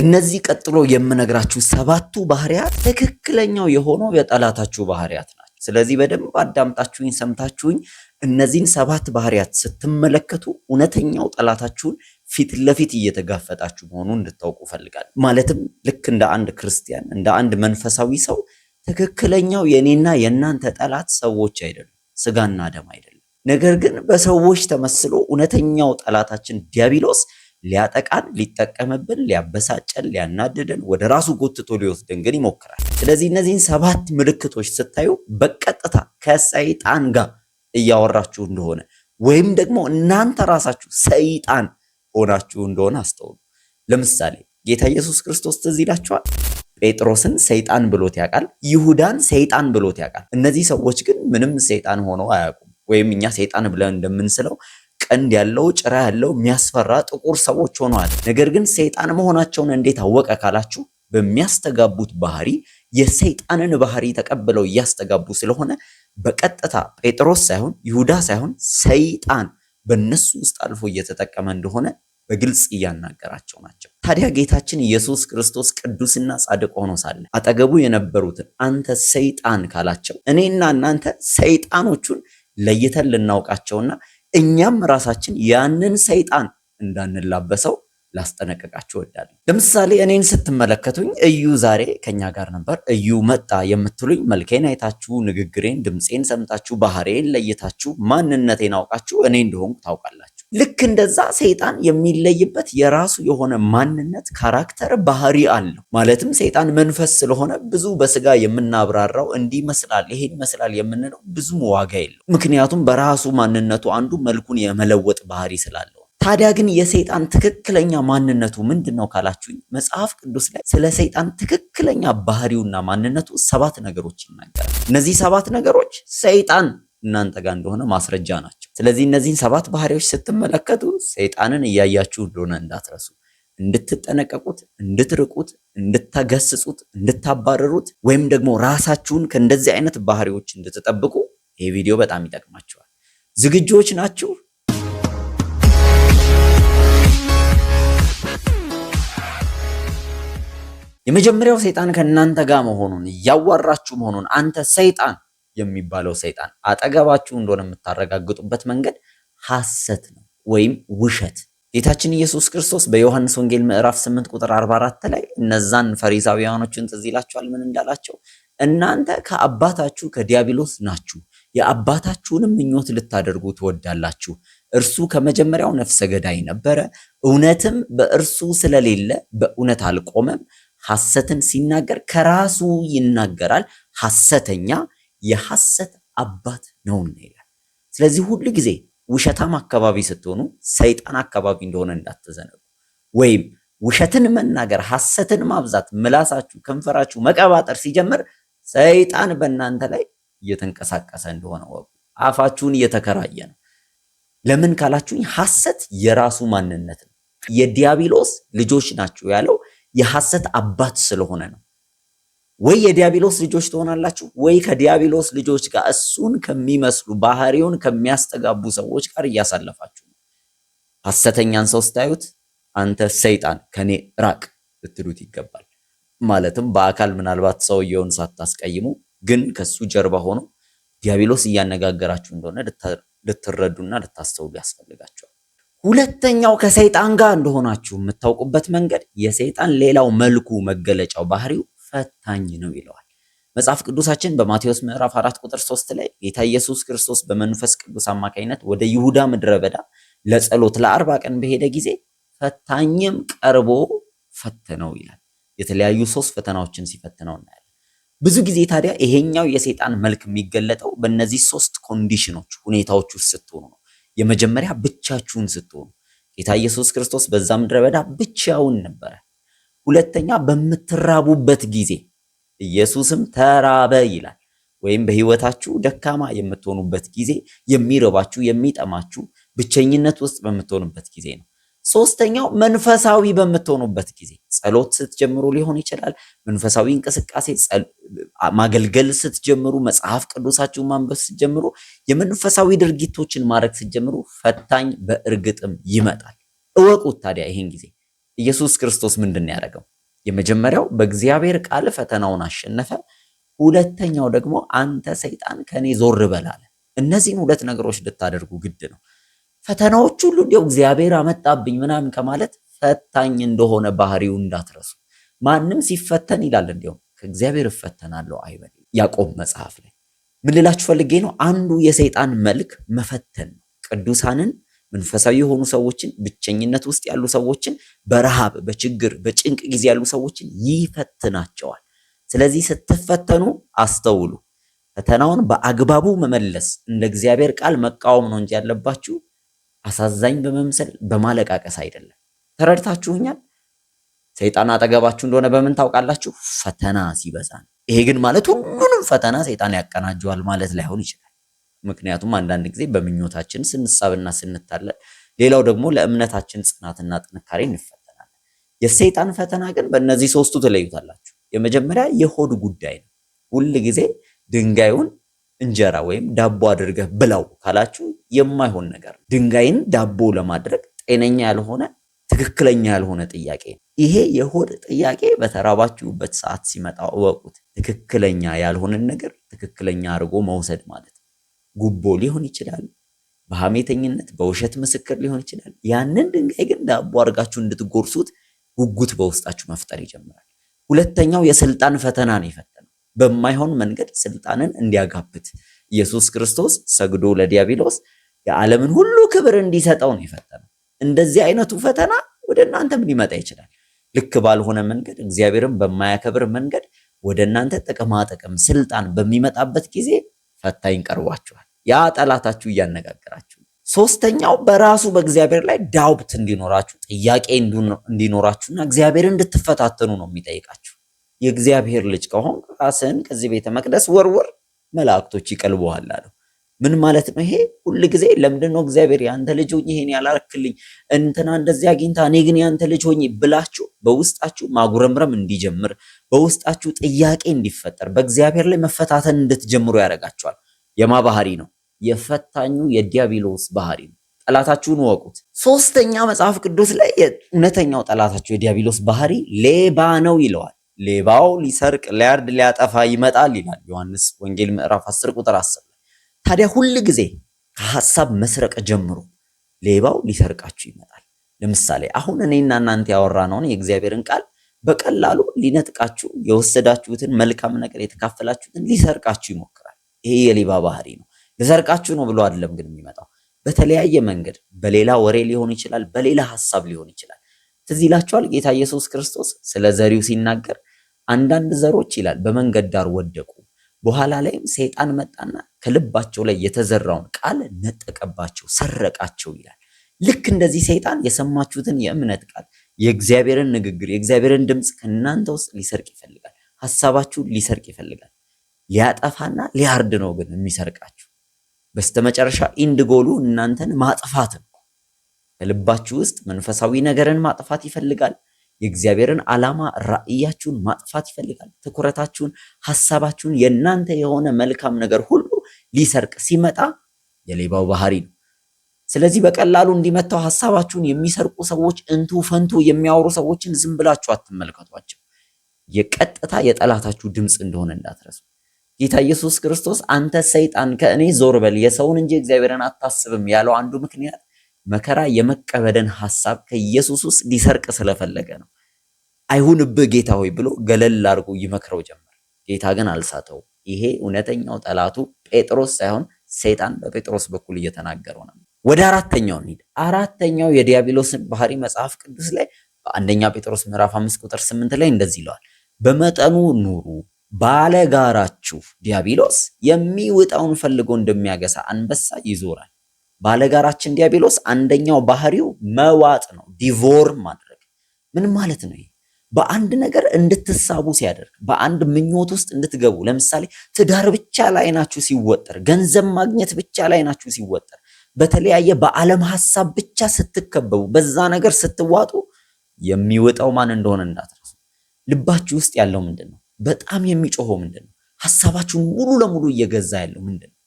እነዚህ ቀጥሎ የምነግራችሁ ሰባቱ ባህሪያት ትክክለኛው የሆነው የጠላታችሁ ባህሪያት ናቸው። ስለዚህ በደንብ አዳምጣችሁኝ ሰምታችሁኝ እነዚህን ሰባት ባህሪያት ስትመለከቱ እውነተኛው ጠላታችሁን ፊት ለፊት እየተጋፈጣችሁ መሆኑን እንድታውቁ ፈልጋል። ማለትም ልክ እንደ አንድ ክርስቲያን እንደ አንድ መንፈሳዊ ሰው ትክክለኛው የእኔና የእናንተ ጠላት ሰዎች አይደሉም፣ ስጋና ደም አይደለም። ነገር ግን በሰዎች ተመስሎ እውነተኛው ጠላታችን ዲያብሎስ ሊያጠቃን፣ ሊጠቀምብን፣ ሊያበሳጨን፣ ሊያናድደን ወደ ራሱ ጎትቶ ሊወስደን ግን ይሞክራል። ስለዚህ እነዚህን ሰባት ምልክቶች ስታዩ በቀጥታ ከሰይጣን ጋር እያወራችሁ እንደሆነ ወይም ደግሞ እናንተ ራሳችሁ ሰይጣን ሆናችሁ እንደሆነ አስተውሉ። ለምሳሌ ጌታ ኢየሱስ ክርስቶስ ትዝ ይላችኋል። ጴጥሮስን ሰይጣን ብሎት ያውቃል። ይሁዳን ሰይጣን ብሎት ያውቃል። እነዚህ ሰዎች ግን ምንም ሰይጣን ሆነው አያውቁም። ወይም እኛ ሰይጣን ብለን እንደምንስለው ቀንድ ያለው ጭራ ያለው የሚያስፈራ ጥቁር ሰዎች ሆነዋል። ነገር ግን ሰይጣን መሆናቸውን እንዴት አወቀ ካላችሁ በሚያስተጋቡት ባህሪ የሰይጣንን ባህሪ ተቀብለው እያስተጋቡ ስለሆነ በቀጥታ ጴጥሮስ ሳይሆን ይሁዳ ሳይሆን ሰይጣን በእነሱ ውስጥ አልፎ እየተጠቀመ እንደሆነ በግልጽ እያናገራቸው ናቸው። ታዲያ ጌታችን ኢየሱስ ክርስቶስ ቅዱስና ጻድቅ ሆኖ ሳለ አጠገቡ የነበሩትን አንተ ሰይጣን ካላቸው እኔና እናንተ ሰይጣኖቹን ለይተን ልናውቃቸውና እኛም ራሳችን ያንን ሰይጣን እንዳንላበሰው ላስጠነቀቃችሁ እወዳለሁ። ለምሳሌ እኔን ስትመለከቱኝ እዩ ዛሬ ከኛ ጋር ነበር፣ እዩ መጣ የምትሉኝ መልኬን አይታችሁ፣ ንግግሬን፣ ድምፄን ሰምታችሁ፣ ባህሬን ለይታችሁ፣ ማንነቴን አውቃችሁ እኔ እንደሆንኩ ታውቃላችሁ። ልክ እንደዛ ሰይጣን የሚለይበት የራሱ የሆነ ማንነት ካራክተር ባህሪ አለው። ማለትም ሰይጣን መንፈስ ስለሆነ ብዙ በስጋ የምናብራራው እንዲህ ይመስላል ይሄን ይመስላል የምንለው ብዙም ዋጋ የለው። ምክንያቱም በራሱ ማንነቱ አንዱ መልኩን የመለወጥ ባህሪ ስላለው። ታዲያ ግን የሰይጣን ትክክለኛ ማንነቱ ምንድን ነው ካላችሁኝ፣ መጽሐፍ ቅዱስ ላይ ስለ ሰይጣን ትክክለኛ ባህሪውና ማንነቱ ሰባት ነገሮች ይናገራል። እነዚህ ሰባት ነገሮች ሰይጣን እናንተ ጋር እንደሆነ ማስረጃ ናቸው። ስለዚህ እነዚህን ሰባት ባህሪዎች ስትመለከቱ ሰይጣንን እያያችሁ እንደሆነ እንዳትረሱ እንድትጠነቀቁት፣ እንድትርቁት፣ እንድታገስጹት፣ እንድታባረሩት ወይም ደግሞ ራሳችሁን ከእንደዚህ አይነት ባህሪዎች እንድትጠብቁ ይህ ቪዲዮ በጣም ይጠቅማችኋል። ዝግጁዎች ናችሁ? የመጀመሪያው ሰይጣን ከእናንተ ጋር መሆኑን እያዋራችሁ መሆኑን አንተ ሰይጣን የሚባለው ሰይጣን አጠገባችሁ እንደሆነ የምታረጋግጡበት መንገድ ሐሰት ነው ወይም ውሸት። ጌታችን ኢየሱስ ክርስቶስ በዮሐንስ ወንጌል ምዕራፍ 8 ቁጥር 44 ላይ እነዛን ፈሪሳውያኖችን ትዝ ይላቸዋል። ምን እንዳላቸው? እናንተ ከአባታችሁ ከዲያብሎስ ናችሁ፣ የአባታችሁንም ምኞት ልታደርጉ ትወዳላችሁ። እርሱ ከመጀመሪያው ነፍሰ ገዳይ ነበረ፣ እውነትም በእርሱ ስለሌለ በእውነት አልቆመም። ሐሰትን ሲናገር ከራሱ ይናገራል፣ ሐሰተኛ የሐሰት አባት ነውና ይላል። ስለዚህ ሁሉ ጊዜ ውሸታም አካባቢ ስትሆኑ ሰይጣን አካባቢ እንደሆነ እንዳትዘነጉ። ወይም ውሸትን መናገር፣ ሐሰትን ማብዛት፣ ምላሳችሁ፣ ከንፈራችሁ መቀባጠር ሲጀምር ሰይጣን በእናንተ ላይ እየተንቀሳቀሰ እንደሆነ ወቁ። አፋችሁን እየተከራየ ነው። ለምን ካላችሁኝ ሐሰት የራሱ ማንነት ነው። የዲያብሎስ ልጆች ናችሁ ያለው የሐሰት አባት ስለሆነ ነው። ወይ የዲያብሎስ ልጆች ትሆናላችሁ ወይ ከዲያብሎስ ልጆች ጋር እሱን ከሚመስሉ ባህሪውን ከሚያስተጋቡ ሰዎች ጋር እያሳለፋችሁ ነው። ሐሰተኛን ሰው ስታዩት አንተ ሰይጣን ከኔ ራቅ ልትሉት ይገባል። ማለትም በአካል ምናልባት ሰውየውን ሳታስቀይሙ፣ ግን ከሱ ጀርባ ሆኖ ዲያብሎስ እያነጋገራችሁ እንደሆነ ልትረዱና ልታስተውሉ ያስፈልጋቸዋል። ሁለተኛው ከሰይጣን ጋር እንደሆናችሁ የምታውቁበት መንገድ የሰይጣን ሌላው መልኩ መገለጫው ባህሪው ፈታኝ ነው ይለዋል። መጽሐፍ ቅዱሳችን በማቴዎስ ምዕራፍ 4 ቁጥር 3 ላይ ጌታ ኢየሱስ ክርስቶስ በመንፈስ ቅዱስ አማካኝነት ወደ ይሁዳ ምድረ በዳ ለጸሎት ለአርባ ቀን በሄደ ጊዜ ፈታኝም ቀርቦ ፈተነው ይላል። የተለያዩ ሶስት ፈተናዎችን ሲፈትነው እናያለን። ብዙ ጊዜ ታዲያ ይሄኛው የሰይጣን መልክ የሚገለጠው በእነዚህ ሶስት ኮንዲሽኖች ሁኔታዎች ውስጥ ስትሆኑ ነው። የመጀመሪያ ብቻችሁን ስትሆኑ፣ ጌታ ኢየሱስ ክርስቶስ በዛ ምድረ በዳ ብቻውን ነበረ። ሁለተኛ በምትራቡበት ጊዜ ኢየሱስም ተራበ ይላል። ወይም በህይወታችሁ ደካማ የምትሆኑበት ጊዜ የሚረባችሁ፣ የሚጠማችሁ፣ ብቸኝነት ውስጥ በምትሆኑበት ጊዜ ነው። ሶስተኛው መንፈሳዊ በምትሆኑበት ጊዜ ጸሎት ስትጀምሩ ሊሆን ይችላል። መንፈሳዊ እንቅስቃሴ ማገልገል ስትጀምሩ፣ መጽሐፍ ቅዱሳችሁን ማንበብ ስትጀምሩ፣ የመንፈሳዊ ድርጊቶችን ማድረግ ስትጀምሩ ፈታኝ በእርግጥም ይመጣል። እወቁት ታዲያ ይህን ጊዜ ኢየሱስ ክርስቶስ ምንድን ያደረገው? የመጀመሪያው በእግዚአብሔር ቃል ፈተናውን አሸነፈ። ሁለተኛው ደግሞ አንተ ሰይጣን ከኔ ዞር በላለ። እነዚህን ሁለት ነገሮች ልታደርጉ ግድ ነው። ፈተናዎች ሁሉ እንዲያው እግዚአብሔር አመጣብኝ ምናምን ከማለት ፈታኝ እንደሆነ ባህሪው እንዳትረሱ። ማንም ሲፈተን ይላል እንዲያውም ከእግዚአብሔር እፈተናለሁ አይበል ያዕቆብ መጽሐፍ ላይ ምን ልላችሁ ፈልጌ ነው? አንዱ የሰይጣን መልክ መፈተን ነው። ቅዱሳንን መንፈሳዊ የሆኑ ሰዎችን፣ ብቸኝነት ውስጥ ያሉ ሰዎችን፣ በረሃብ በችግር በጭንቅ ጊዜ ያሉ ሰዎችን ይፈትናቸዋል። ስለዚህ ስትፈተኑ አስተውሉ። ፈተናውን በአግባቡ መመለስ እንደ እግዚአብሔር ቃል መቃወም ነው እንጂ ያለባችሁ አሳዛኝ በመምሰል በማለቃቀስ አይደለም። ተረድታችሁኛል? ሰይጣን አጠገባችሁ እንደሆነ በምን ታውቃላችሁ? ፈተና ሲበዛ ነው። ይሄ ግን ማለት ሁሉንም ፈተና ሰይጣን ያቀናጀዋል ማለት ላይሆን ይችላል። ምክንያቱም አንዳንድ ጊዜ በምኞታችን ስንሳብና ስንታለል፣ ሌላው ደግሞ ለእምነታችን ጽናትና ጥንካሬ እንፈተናለን። የሰይጣን ፈተና ግን በእነዚህ ሶስቱ ትለዩታላችሁ። የመጀመሪያ የሆድ ጉዳይ ነው። ሁል ጊዜ ድንጋዩን እንጀራ ወይም ዳቦ አድርገህ ብላው ካላችሁ የማይሆን ነገር ነው። ድንጋይን ዳቦ ለማድረግ ጤነኛ ያልሆነ ትክክለኛ ያልሆነ ጥያቄ ነው። ይሄ የሆድ ጥያቄ በተራባችሁበት ሰዓት ሲመጣ እወቁት። ትክክለኛ ያልሆነን ነገር ትክክለኛ አድርጎ መውሰድ ማለት ጉቦ ሊሆን ይችላል፣ በሐሜተኝነት በውሸት ምስክር ሊሆን ይችላል። ያንን ድንጋይ ግን ዳቦ አድርጋችሁ እንድትጎርሱት ጉጉት በውስጣችሁ መፍጠር ይጀምራል። ሁለተኛው የስልጣን ፈተና ነው የፈተነው በማይሆን መንገድ ስልጣንን እንዲያጋብት ኢየሱስ ክርስቶስ ሰግዶ ለዲያብሎስ የዓለምን ሁሉ ክብር እንዲሰጠው ነው የፈተነው። እንደዚህ አይነቱ ፈተና ወደ እናንተም ሊመጣ ይችላል። ልክ ባልሆነ መንገድ፣ እግዚአብሔርን በማያከብር መንገድ ወደ እናንተ ጥቅማ ጥቅም፣ ስልጣን በሚመጣበት ጊዜ ፈታኝ ቀርቧችኋል። ያ ጠላታችሁ እያነጋገራችሁ። ሶስተኛው በራሱ በእግዚአብሔር ላይ ዳውብት እንዲኖራችሁ ጥያቄ እንዲኖራችሁና እግዚአብሔር እንድትፈታተኑ ነው የሚጠይቃችሁ። የእግዚአብሔር ልጅ ከሆን ራስህን ከዚህ ቤተ መቅደስ ወርወር፣ መላእክቶች ይቀልበዋል አለው። ምን ማለት ነው ይሄ? ሁል ጊዜ ለምንድን ነው እግዚአብሔር ያንተ ልጅ ሆኜ ይሄን ያላረክልኝ እንትና እንደዚህ አግኝታ እኔ ግን ያንተ ልጅ ሆኜ ብላችሁ በውስጣችሁ ማጉረምረም እንዲጀምር፣ በውስጣችሁ ጥያቄ እንዲፈጠር፣ በእግዚአብሔር ላይ መፈታተን እንድትጀምሩ ያደርጋችኋል። የማባህሪ ነው? የፈታኙ የዲያብሎስ ባህሪ ነው። ጠላታችሁን ወቁት። ሶስተኛ መጽሐፍ ቅዱስ ላይ እውነተኛው ጠላታቸው የዲያብሎስ ባህሪ ሌባ ነው ይለዋል። ሌባው ሊሰርቅ፣ ሊያርድ፣ ሊያጠፋ ይመጣል ይላል ዮሐንስ ወንጌል ምዕራፍ 10 ቁጥር 10 ላይ። ታዲያ ሁል ጊዜ ከሐሳብ መስረቅ ጀምሮ ሌባው ሊሰርቃችሁ ይመጣል። ለምሳሌ አሁን እኔና እናንተ ያወራነውን የእግዚአብሔርን ቃል በቀላሉ ሊነጥቃችሁ፣ የወሰዳችሁትን መልካም ነገር የተካፈላችሁትን ሊሰርቃችሁ ይሞክራል። ይሄ የሌባ ባህሪ ነው። ልሰርቃችሁ ነው ብሎ አይደለም ግን የሚመጣው በተለያየ መንገድ በሌላ ወሬ ሊሆን ይችላል፣ በሌላ ሀሳብ ሊሆን ይችላል። ትዝ ይላችኋል ጌታ ኢየሱስ ክርስቶስ ስለ ዘሪው ሲናገር አንዳንድ ዘሮች ይላል በመንገድ ዳር ወደቁ፣ በኋላ ላይም ሰይጣን መጣና ከልባቸው ላይ የተዘራውን ቃል ነጠቀባቸው፣ ሰረቃቸው ይላል። ልክ እንደዚህ ሰይጣን የሰማችሁትን የእምነት ቃል፣ የእግዚአብሔርን ንግግር፣ የእግዚአብሔርን ድምፅ ከእናንተ ውስጥ ሊሰርቅ ይፈልጋል። ሀሳባችሁን ሊሰርቅ ይፈልጋል። ሊያጠፋና ሊያርድ ነው ግን የሚሰርቃቸው በስተመጨረሻ ኢንድ ጎሉ እናንተን ማጥፋት ነው። ከልባችሁ ውስጥ መንፈሳዊ ነገርን ማጥፋት ይፈልጋል። የእግዚአብሔርን ዓላማ ራእያችሁን ማጥፋት ይፈልጋል። ትኩረታችሁን፣ ሐሳባችሁን የእናንተ የሆነ መልካም ነገር ሁሉ ሊሰርቅ ሲመጣ የሌባው ባህሪ ነው። ስለዚህ በቀላሉ እንዲመታው ሐሳባችሁን የሚሰርቁ ሰዎች፣ እንቱ ፈንቱ የሚያወሩ ሰዎችን ዝም ብላችሁ አትመልከቷቸው። የቀጥታ የጠላታችሁ ድምፅ እንደሆነ እንዳትረሱ። ጌታ ኢየሱስ ክርስቶስ አንተ ሰይጣን ከእኔ ዞር በል የሰውን እንጂ እግዚአብሔርን አታስብም ያለው አንዱ ምክንያት መከራ የመቀበልን ሐሳብ ከኢየሱስ ውስጥ ሊሰርቅ ስለፈለገ ነው። አይሁንብህ ጌታ ሆይ ብሎ ገለል አድርጎ ይመክረው ጀመር። ጌታ ግን አልሳተው። ይሄ እውነተኛው ጠላቱ ጴጥሮስ ሳይሆን ሰይጣን በጴጥሮስ በኩል እየተናገረው ነው። ወደ አራተኛው እንሂድ። አራተኛው የዲያብሎስን ባህሪ መጽሐፍ ቅዱስ ላይ በአንደኛ ጴጥሮስ ምዕራፍ 5 ቁጥር 8 ላይ እንደዚህ ይለዋል፣ በመጠኑ ኑሩ ባለጋራችሁ ዲያብሎስ የሚወጣውን ፈልጎ እንደሚያገሳ አንበሳ ይዞራል። ባለጋራችን ዲያብሎስ አንደኛው ባህሪው መዋጥ ነው፣ ዲቮር ማድረግ። ምን ማለት ነው? ይሄ በአንድ ነገር እንድትሳቡ ሲያደርግ፣ በአንድ ምኞት ውስጥ እንድትገቡ። ለምሳሌ ትዳር ብቻ ላይናችሁ ሲወጠር፣ ገንዘብ ማግኘት ብቻ ላይናችሁ ሲወጠር፣ በተለያየ በዓለም ሀሳብ ብቻ ስትከበቡ፣ በዛ ነገር ስትዋጡ የሚወጣው ማን እንደሆነ እንዳትረሱ። ልባችሁ ውስጥ ያለው ምንድን ነው? በጣም የሚጮኸው ምንድን ነው? ሀሳባችሁን ሙሉ ለሙሉ እየገዛ ያለው ምንድን ነው?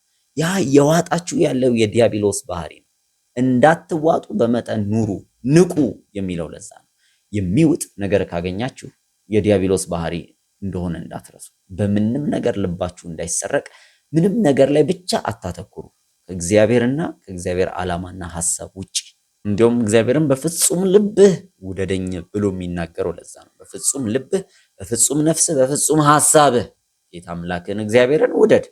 ያ የዋጣችሁ ያለው የዲያብሎስ ባህሪ ነው። እንዳትዋጡ በመጠን ኑሩ፣ ንቁ የሚለው ለዛ ነው። የሚውጥ ነገር ካገኛችሁ የዲያብሎስ ባህሪ እንደሆነ እንዳትረሱ። በምንም ነገር ልባችሁ እንዳይሰረቅ፣ ምንም ነገር ላይ ብቻ አታተኩሩ፣ ከእግዚአብሔርና ከእግዚአብሔር ዓላማና ሀሳብ ውጭ። እንዲሁም እግዚአብሔርን በፍጹም ልብህ ውደደኝ ብሎ የሚናገረው ለዛ ነው። በፍጹም ልብህ በፍጹም ነፍስህ በፍጹም ሐሳብህ ጌታ አምላክን እግዚአብሔርን ውደድ።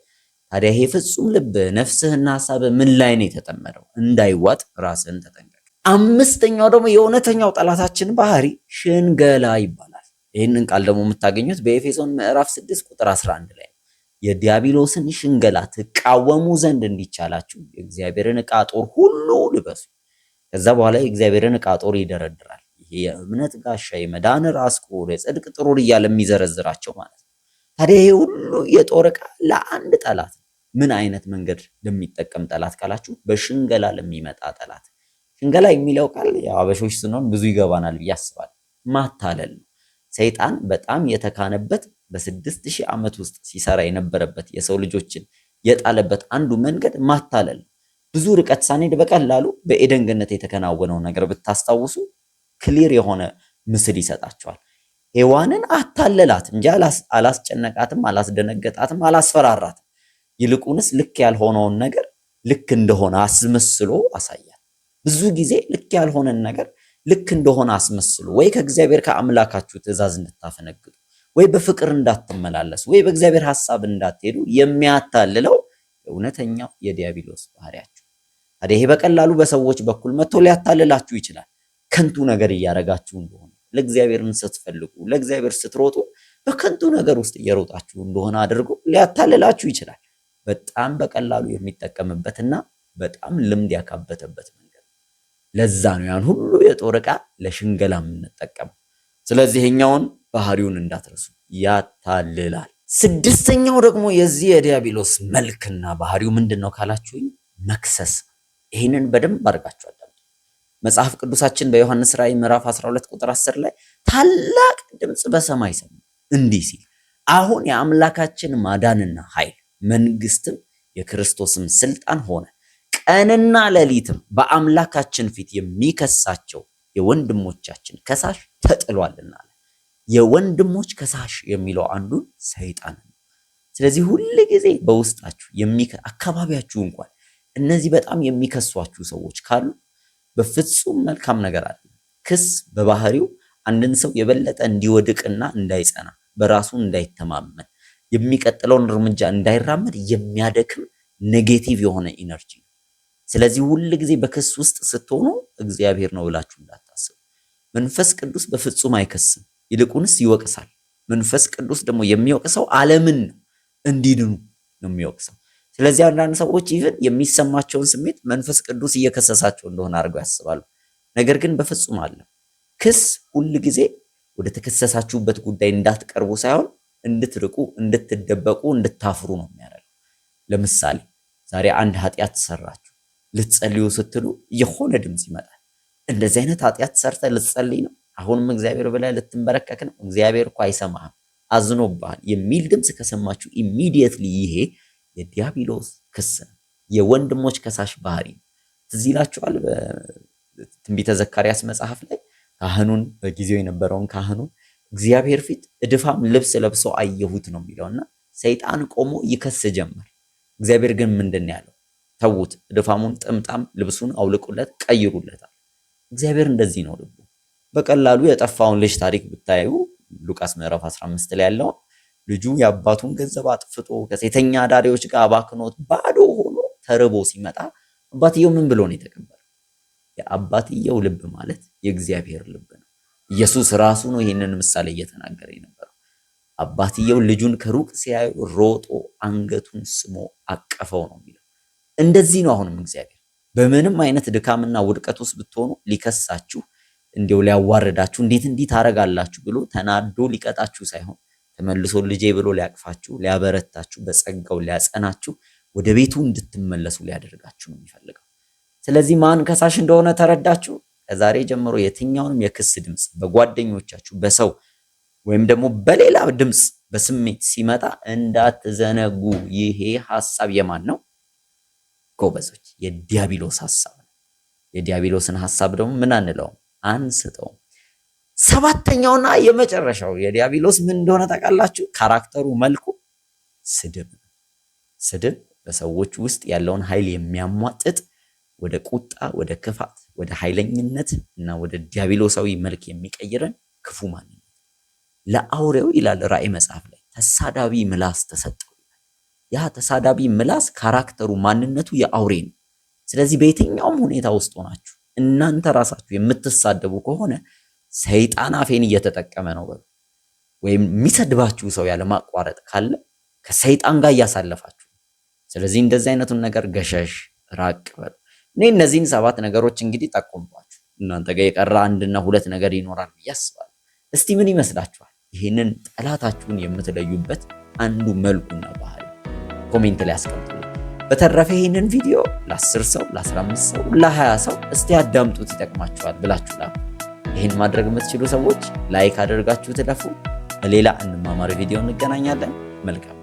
ታዲያ ይሄ ፍጹም ልብ ነፍስህና ሐሳብህ ምን ላይ ነው የተጠመረው? እንዳይዋጥ ራስህን ተጠንቀቅ። አምስተኛው ደግሞ የእውነተኛው ጠላታችን ባህሪ ሽንገላ ይባላል። ይህንን ቃል ደግሞ የምታገኙት በኤፌሶን ምዕራፍ 6 ቁጥር 11 ላይ የዲያብሎስን ሽንገላ ትቃወሙ ዘንድ እንዲቻላችሁ የእግዚአብሔርን ዕቃ ጦር ሁሉ ልበሱ። ከዛ በኋላ የእግዚአብሔርን ዕቃ ጦር ይደረድራል። የእምነት ጋሻ፣ የመዳን ራስ ቁር፣ የጽድቅ ጥሩር እያለ የሚዘረዝራቸው ማለት ነው። ታዲያ ይሄ ሁሉ የጦር ዕቃ ለአንድ ጠላት ምን አይነት መንገድ ለሚጠቀም ጠላት ካላችሁ፣ በሽንገላ ለሚመጣ ጠላት። ሽንገላ የሚለው ቃል አበሾች ስንሆን ብዙ ይገባናል ብዬ አስባለሁ። ማታለል ነው። ሰይጣን በጣም የተካነበት በስድስት ሺህ ዓመት ውስጥ ሲሰራ የነበረበት የሰው ልጆችን የጣለበት አንዱ መንገድ ማታለል ብዙ ርቀት ሳንሄድ በቀላሉ በኤደን ገነት የተከናወነው ነገር ብታስታውሱ ክሊር የሆነ ምስል ይሰጣቸዋል። ሔዋንን አታለላት እንጂ አላስጨነቃትም፣ አላስደነገጣትም፣ አላስፈራራትም። ይልቁንስ ልክ ያልሆነውን ነገር ልክ እንደሆነ አስመስሎ አሳያል። ብዙ ጊዜ ልክ ያልሆነን ነገር ልክ እንደሆነ አስመስሎ ወይ ከእግዚአብሔር ከአምላካችሁ ትእዛዝ እንድታፈነግጡ ወይ በፍቅር እንዳትመላለሱ ወይ በእግዚአብሔር ሐሳብ እንዳትሄዱ የሚያታልለው እውነተኛው የዲያብሎስ ባህሪያችሁ። ታዲያ ይሄ በቀላሉ በሰዎች በኩል መጥቶ ሊያታልላችሁ ይችላል። ከንቱ ነገር እያደረጋችሁ እንደሆነ ለእግዚአብሔርን ስትፈልጉ ለእግዚአብሔር ስትሮጡ በከንቱ ነገር ውስጥ እየሮጣችሁ እንደሆነ አድርጎ ሊያታልላችሁ ይችላል። በጣም በቀላሉ የሚጠቀምበትና በጣም ልምድ ያካበተበት መንገድ ነው። ለዛ ነው ያን ሁሉ የጦር ዕቃ ለሽንገላ የምንጠቀመው። ስለዚህ ኛውን ባህሪውን እንዳትረሱ፣ ያታልላል። ስድስተኛው ደግሞ የዚህ የዲያብሎስ መልክና ባህሪው ምንድን ነው ካላችሁኝ፣ መክሰስ። ይህንን በደንብ አድርጋችኋል። መጽሐፍ ቅዱሳችን በዮሐንስ ራእይ ምዕራፍ 12 ቁጥር 10 ላይ ታላቅ ድምፅ በሰማይ ሰማ እንዲህ ሲል አሁን የአምላካችን ማዳንና ኃይል መንግስትም የክርስቶስም ስልጣን ሆነ፣ ቀንና ሌሊትም በአምላካችን ፊት የሚከሳቸው የወንድሞቻችን ከሳሽ ተጥሏልና አለ። የወንድሞች ከሳሽ የሚለው አንዱ ሰይጣን ነው። ስለዚህ ሁል ጊዜ በውስጣችሁ አካባቢያችሁ እንኳን እነዚህ በጣም የሚከሷችሁ ሰዎች ካሉ በፍጹም መልካም ነገር አለ። ክስ በባህሪው አንድን ሰው የበለጠ እንዲወድቅና እንዳይጸና በራሱ እንዳይተማመን የሚቀጥለውን እርምጃ እንዳይራመድ የሚያደክም ኔጌቲቭ የሆነ ኢነርጂ ነው። ስለዚህ ሁል ጊዜ በክስ ውስጥ ስትሆኑ እግዚአብሔር ነው ብላችሁ እንዳታስቡ። መንፈስ ቅዱስ በፍጹም አይከስም፣ ይልቁንስ ይወቅሳል። መንፈስ ቅዱስ ደግሞ የሚወቅሰው ዓለምን ነው፣ እንዲድኑ ነው የሚወቅሰው። ስለዚህ አንዳንድ ሰዎች ይህን የሚሰማቸውን ስሜት መንፈስ ቅዱስ እየከሰሳቸው እንደሆነ አድርገው ያስባሉ። ነገር ግን በፍጹም አለ። ክስ ሁል ጊዜ ወደ ተከሰሳችሁበት ጉዳይ እንዳትቀርቡ ሳይሆን እንድትርቁ፣ እንድትደበቁ፣ እንድታፍሩ ነው የሚያደርገው። ለምሳሌ ዛሬ አንድ ኃጢአት ሰራችሁ፣ ልትጸልዩ ስትሉ የሆነ ድምፅ ይመጣል። እንደዚህ አይነት ኃጢአት ሰርተ ልትጸልይ ነው አሁንም እግዚአብሔር ብለህ ልትንበረከክ ነው፣ እግዚአብሔር እኮ አይሰማህም፣ አዝኖብሃል የሚል ድምፅ ከሰማችሁ ኢሚዲየትሊ ይሄ የዲያብሎስ ክስ ነው። የወንድሞች ከሳሽ ባህሪ ትዝ ይላችኋል። በትንቢተ ዘካርያስ መጽሐፍ ላይ ካህኑን በጊዜው የነበረውን ካህኑን እግዚአብሔር ፊት እድፋም ልብስ ለብሶ አየሁት ነው እና ሰይጣን ቆሞ ይከስ ጀመር። እግዚአብሔር ግን ምንድን ያለው? ተዉት፣ እድፋሙን ጥምጣም ልብሱን አውልቁለት፣ ቀይሩለታል። እግዚአብሔር እንደዚህ ነው ልቡ። በቀላሉ የጠፋውን ልጅ ታሪክ ብታዩ ሉቃስ ምዕራፍ 15 ላይ ያለውን ልጁ የአባቱን ገንዘብ አጥፍቶ ከሴተኛ አዳሪዎች ጋር አባክኖት ባዶ ሆኖ ተርቦ ሲመጣ አባትየው ምን ብሎ ነው የተቀበለው? የአባትየው ልብ ማለት የእግዚአብሔር ልብ ነው። ኢየሱስ ራሱ ነው ይህንን ምሳሌ እየተናገረ የነበረው። አባትየው ልጁን ከሩቅ ሲያዩ ሮጦ አንገቱን ስሞ አቀፈው ነው የሚለው። እንደዚህ ነው አሁንም እግዚአብሔር በምንም አይነት ድካምና ውድቀት ውስጥ ብትሆኑ ሊከሳችሁ እንዲው ሊያዋርዳችሁ እንዴት እንዲህ ታረጋላችሁ ብሎ ተናዶ ሊቀጣችሁ ሳይሆን ተመልሶ ልጄ ብሎ ሊያቅፋችሁ፣ ሊያበረታችሁ፣ በጸጋው ሊያጸናችሁ፣ ወደ ቤቱ እንድትመለሱ ሊያደርጋችሁ ነው የሚፈልገው። ስለዚህ ማን ከሳሽ እንደሆነ ተረዳችሁ? ከዛሬ ጀምሮ የትኛውንም የክስ ድምፅ በጓደኞቻችሁ በሰው ወይም ደግሞ በሌላ ድምፅ በስሜት ሲመጣ እንዳትዘነጉ። ይሄ ሀሳብ የማን ነው? ጎበዞች፣ የዲያብሎስ ሀሳብ ነው። የዲያብሎስን ሀሳብ ደግሞ ምን አንለውም፣ አንስተውም። ሰባተኛውና የመጨረሻው የዲያብሎስ ምን እንደሆነ ታውቃላችሁ? ካራክተሩ መልኩ ስድብ ነው። ስድብ በሰዎች ውስጥ ያለውን ኃይል የሚያሟጥጥ ወደ ቁጣ፣ ወደ ክፋት፣ ወደ ኃይለኝነት እና ወደ ዲያብሎሳዊ መልክ የሚቀይረን ክፉ ማንነት ለአውሬው ይላል ራእይ መጽሐፍ ላይ ተሳዳቢ ምላስ ተሰጠው። ያ ተሳዳቢ ምላስ ካራክተሩ ማንነቱ የአውሬ ነው። ስለዚህ በየትኛውም ሁኔታ ውስጥ ሆናችሁ እናንተ ራሳችሁ የምትሳደቡ ከሆነ ሰይጣን አፌን እየተጠቀመ ነው በሉ። ወይም የሚሰድባችሁ ሰው ያለ ማቋረጥ ካለ ከሰይጣን ጋር እያሳለፋችሁ። ስለዚህ እንደዚህ አይነቱን ነገር ገሸሽ ራቅ በሉ። እኔ እነዚህን ሰባት ነገሮች እንግዲህ ጠቁምባችሁ እናንተ ጋር የቀረ አንድና ሁለት ነገር ይኖራል ብዬ አስባለሁ። እስቲ ምን ይመስላችኋል? ይህንን ጠላታችሁን የምትለዩበት አንዱ መልኩና ባህል ኮሜንት ላይ አስቀምጡ። በተረፈ ይህንን ቪዲዮ ለ10 ሰው ለ15 ሰው ለ20 ሰው እስቲ አዳምጡት ይጠቅማችኋል ብላችሁ ላ ይህን ማድረግ የምትችሉ ሰዎች ላይክ አድርጋችሁ ትለፉ። በሌላ እንማማር ቪዲዮ እንገናኛለን። መልካም